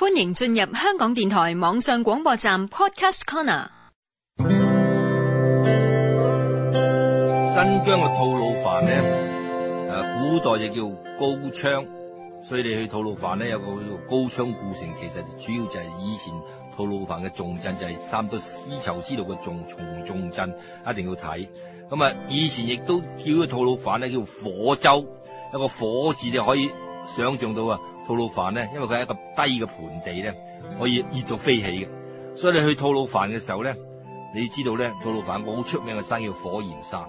歡迎進入香港電台網上廣播站 Podcast Corner。新疆嘅吐魯番咧，誒，古代就叫高昌，所以你去吐魯番咧有個叫做高昌故城，其實主要就係以前吐魯番嘅重鎮，就係、是、三多絲綢之路嘅重重重鎮，一定要睇。咁啊，以前亦都叫咗吐魯番咧叫火洲，一個火字你可以想象到啊。吐魯番咧，因為佢係一個低嘅盆地咧，可以熱到飛起嘅。所以你去吐魯番嘅時候咧，你知道咧，吐魯番好出名嘅山叫火焰山。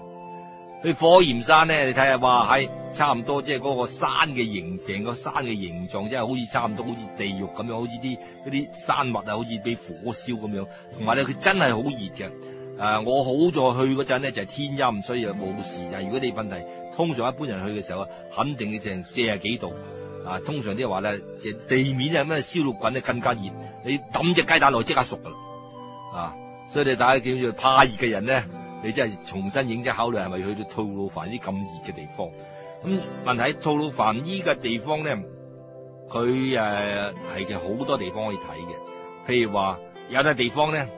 去火焰山咧，你睇下，話，係、哎、差唔多，即係嗰個山嘅形成，個山嘅形狀，即係好似差唔多，好似地獄咁樣，好似啲嗰啲山脈啊，好似被火燒咁樣。同埋咧，佢真係好熱嘅。誒、啊，我好在去嗰陣咧就係、是、天陰，所以冇事。但係如果你問題，通常一般人去嘅時候啊，肯定嘅成四十幾度。啊，通常啲話咧，即係地面有咩燒爐滾咧更加熱，你抌隻雞蛋落即刻熟噶啦，啊！所以你大家叫做怕熱嘅人咧，嗯、你真係重新認真考慮係咪去到吐魯番啲咁熱嘅地方？咁、嗯嗯、問題吐魯番依個地方咧，佢誒係就好多地方可以睇嘅，譬如話有笪地方咧，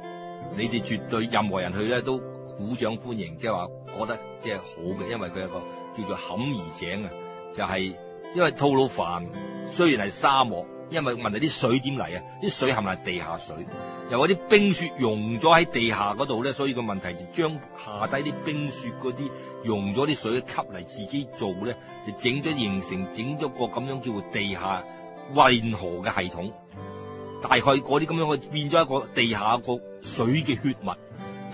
你哋絕對任何人去咧都鼓掌歡迎，即係話覺得即係好嘅，因為佢有一個叫做坎兒井啊，就係、是。因為吐魯番，雖然係沙漠，因為問題啲水點嚟啊？啲水係咪地下水？由嗰啲冰雪融咗喺地下嗰度咧，所以個問題就將下低啲冰雪嗰啲融咗啲水吸嚟自己做咧，就整咗形成整咗個咁樣叫做地下運河嘅系統，大概嗰啲咁樣去變咗一個地下個水嘅血脈。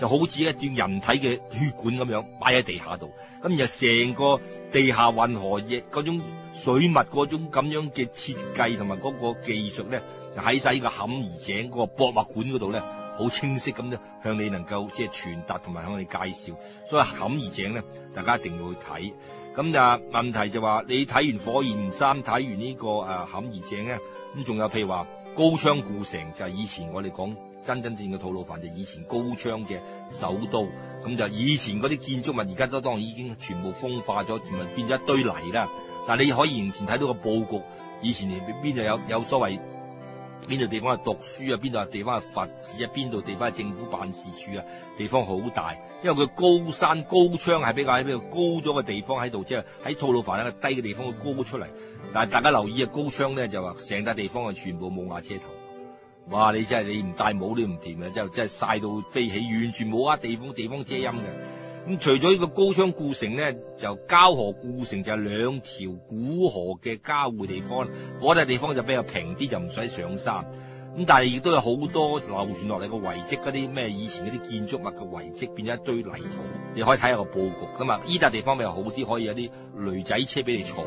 就好似一啲人體嘅血管咁樣擺喺地下度，咁就成個地下運河嘅嗰種水脈嗰種咁樣嘅設計同埋嗰個技術咧，就喺晒呢個坎兒井嗰個博物館嗰度咧，好清晰咁咧向你能夠即係傳達同埋向你介紹，所以坎兒井咧，大家一定要去睇。咁就問題就話你睇完火焰山，睇完呢個誒坎兒井咧，咁仲有譬如話高昌故城，就係以前我哋講。真真正正嘅吐魯番就以前高昌嘅首都，咁就以前啲建築物而家都當已經全部風化咗，全部變咗一堆泥啦。但係你可以完全睇到個布局，以前邊度有有所謂邊度地方係讀書啊，邊度地方係佛寺啊，邊度地方係政府辦事處啊，地方好大，因為佢高山高昌係比較喺邊度高咗嘅地方喺度，即係喺吐魯番一個低嘅地方佢高出嚟。但係大家留意啊，高昌咧就話成笪地方係全部冇瓦遮頭。哇！你真係你唔戴帽你唔掂嘅，就真真係曬到飛起，完全冇啊地方地方遮陰嘅。咁、嗯、除咗呢個高昌故城咧，就交河故城就係兩條古河嘅交匯地方。嗰、那、笪、個、地方就比較平啲，就唔使上山。咁、嗯、但係亦都有好多流轉落嚟嘅遺跡，嗰啲咩以前嗰啲建築物嘅遺跡，變咗一堆泥土。你可以睇下個佈局咁啊！依、那、笪、個、地方比較好啲，可以有啲驢仔車俾你坐。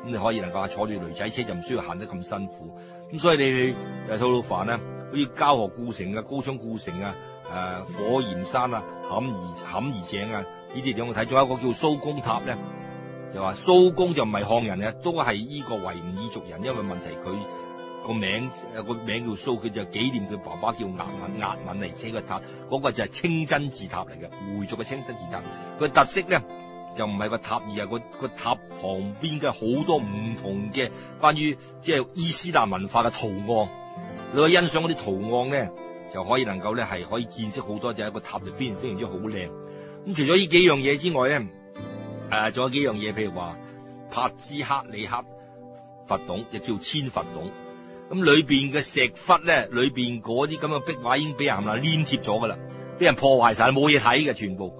咁你可以能夠坐住女仔車就唔需要行得咁辛苦，咁所以你哋誒吐魯番咧，好似交河故城啊、高昌故城啊、誒、啊、火焰山啊、坎兒坎兒井啊，呢啲你有冇睇咗一個叫蘇公塔咧，就話蘇公就唔係漢人嘅，都係呢個維吾爾族人，因為問題佢個名誒個名叫蘇，佢就紀念佢爸爸叫阿敏阿敏嚟砌個塔，嗰、那個就係清真寺塔嚟嘅，回族嘅清真寺塔，佢特色咧。就唔係個塔，而係個塔旁邊嘅好多唔同嘅關於即係伊斯蘭文化嘅圖案，你去欣賞嗰啲圖案咧，就可以能夠咧係可以見識好多。就係一個塔入邊非常之好靚。咁除咗呢幾樣嘢之外咧，誒、呃、仲有幾樣嘢，譬如話柏孜克里克佛洞，亦叫千佛洞。咁裏邊嘅石窟咧，裏邊嗰啲咁嘅壁畫已經俾人黏貼咗噶啦，俾人，人破壞晒，冇嘢睇嘅全部。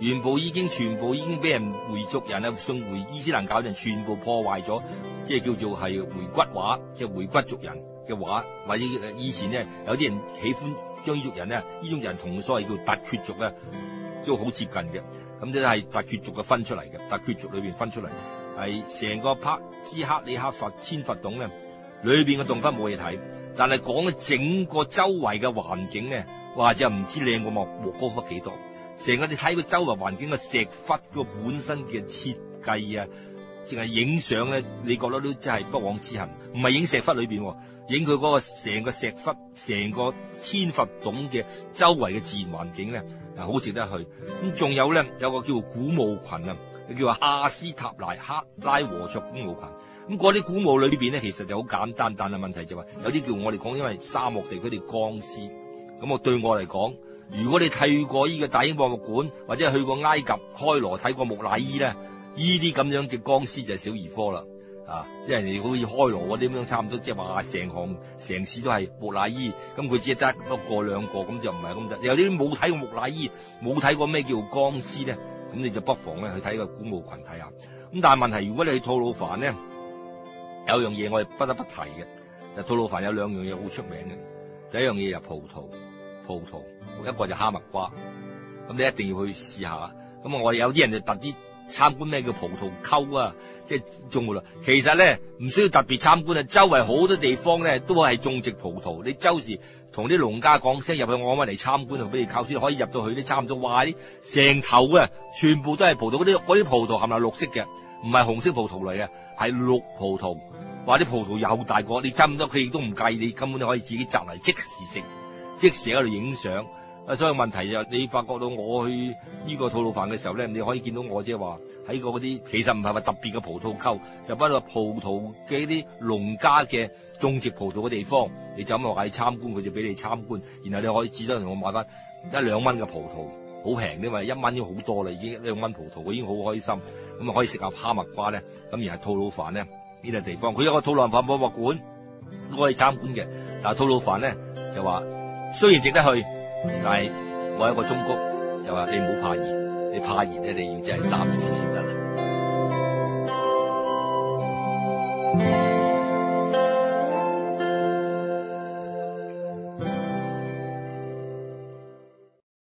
原本已經全部已經俾人回族人啊，送回伊斯蘭教人全部破壞咗，即係叫做係回鶻畫，即係回鶻族人嘅畫，或者以前咧有啲人喜歡將呢族人咧，呢種人同所謂叫突厥族嘅都好接近嘅，咁即係突厥族嘅分出嚟嘅，突厥族裏邊分出嚟。係成個柏孜克里克佛千佛洞咧，裏邊嘅洞窟冇嘢睇，但係講嘅整個周圍嘅環境咧，或者唔知靚過莫高窟幾多。成個你睇佢周圍環境嘅石窟個本身嘅設計啊，淨係影相咧，你覺得都真係不枉此行。唔係影石窟裏邊喎，影佢嗰個成個石窟、成個千佛洞嘅周圍嘅自然環境咧，啊，好值得去。咁仲有咧，有個叫古墓群啊，叫做阿斯塔萊克拉和卓古墓群。咁嗰啲古墓裏面咧，其實就好簡單，但係問題就話、是、有啲叫我哋講，因為沙漠地區啲乾屍，咁我對我嚟講。如果你睇過呢個大英博物館，或者去過埃及開羅睇過木乃伊咧，依啲咁樣嘅殭屍就係小兒科啦。啊，因為你好似開羅嗰啲咁樣，差唔多即係話成行成市都係木乃伊，咁佢只係得一個兩個，咁就唔係咁得。有啲冇睇過木乃伊，冇睇過咩叫殭屍咧，咁你就不妨咧去睇個古墓群睇下。咁但係問題，如果你去吐魯番咧，有樣嘢我哋不得不提嘅，就係、吐魯番有兩樣嘢好出名嘅。第一樣嘢就葡萄。葡萄，一個就哈密瓜，咁你一定要去試下。咁我哋有啲人就特啲參觀咩叫葡萄溝啊，即係種啦。其實咧唔需要特別參觀啊，周圍好多地方咧都係種植葡萄。你周時同啲農家講聲入去，我搵嚟參觀，我俾你靠車可以入到去。你參觀到話啲成頭啊，全部都係葡萄，嗰啲啲葡萄係咪綠色嘅？唔係紅色葡萄嚟嘅，係綠葡萄。話啲葡萄又大個，你浸唔到佢亦都唔介意，你根本就可以自己摘嚟即時食。即時喺度影相啊！所以問題就你發覺到我去呢個吐魯番嘅時候咧，你可以見到我即係話喺個嗰啲其實唔係話特別嘅葡萄溝，就擺、是、到葡萄嘅啲農家嘅種植葡萄嘅地方，你就咁落嚟參觀，佢就俾你參觀，然後你可以至得同我買翻一兩蚊嘅葡萄，好平啲嘛，一蚊都好多啦，已經一兩蚊葡萄佢已經好開心咁啊！可以食下哈密瓜咧，咁而係吐魯番咧呢個地方，佢有個吐魯番博物館都可以參觀嘅，但係吐魯番咧就話。雖然值得去，但係我一個忠告就話，你唔好怕熱，你怕熱咧，你要真係三思先得啦。